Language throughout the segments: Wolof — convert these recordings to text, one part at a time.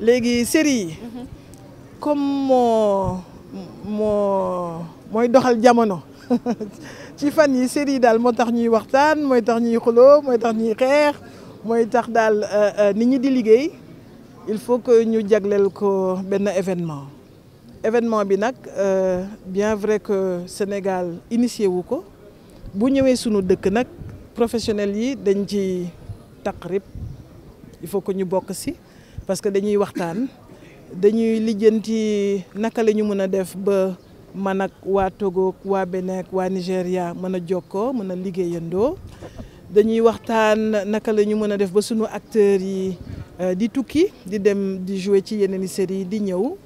léegi série yi comme moo moo mooy doxal jamono ci fan yi série yi daal moo tax ñuy waxtaan mooy tax ñuy xuloo mooy tax ñuy xeex mooy tax daal euh, euh, nit ñi di liggéey il faut que ñu jagleel ko benn événement événement bi nag euh, bien vrai que Sénégal initié wu ko bu ñëwee sunu dëkk nag professionnels yi dañ ci taqrib il faut que ñu bokk si parce que dañuy waxtaan dañuy lijjanti naka la ñu mën a def ba man ak waa Togo waa Benin waa Nigéria mën a jokkoo mën a liggéeyandoo dañuy waxtaan naka la ñu mën a def ba suñu acteurs yi euh, di tukki di dem di jouer ci yeneen yi série di ñëw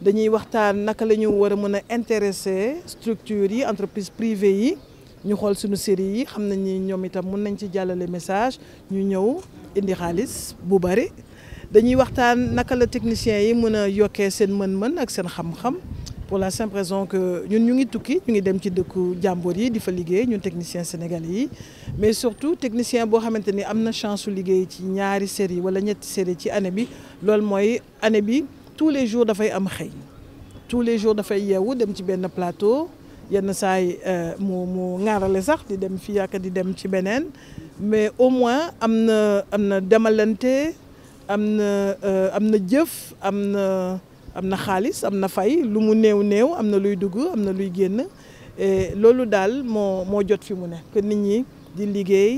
dañuy waxtaan naka la ñu war a mën a intéresser structures yi entreprise privée yi ñu xool sunu série yi xam nañ ni ñoom itam mën nañ ci jàllale message ñu ñëw indi xaalis bu bari dañuy waxtaan naka la technicien yi mën a yokkee seen mën-mën ak seen xam-xam pour la simple raison que ñun ñu ngi tukki ñu ngi dem ci dëkku jàmbur yi di fa liggéey ñun technicien sénégalais yi mais surtout technicien boo xamante ni am na chance liggéey ci ñaari série wala ñetti série ci année bi loolu mooy année bi tous les jours dafay am xëy tous les jours dafay yeewu dem ci benn plateau yenn saay yi euh, mu mu ŋaarale sax di dem fii ak di dem ci beneen mais au moins am na am na demalante am na euh, am na jëf am na am na xaalis am na fay lu mu néew néew am na luy dugg am na luy génn loolu daal moo moo jot fi mu ne que nit ñi di liggéey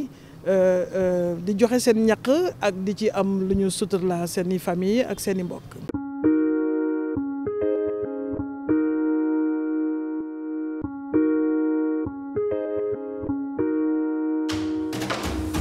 euh, euh, di joxe seen ñaq ak di ci am lu ñu la seeni famille ak seeni mbokk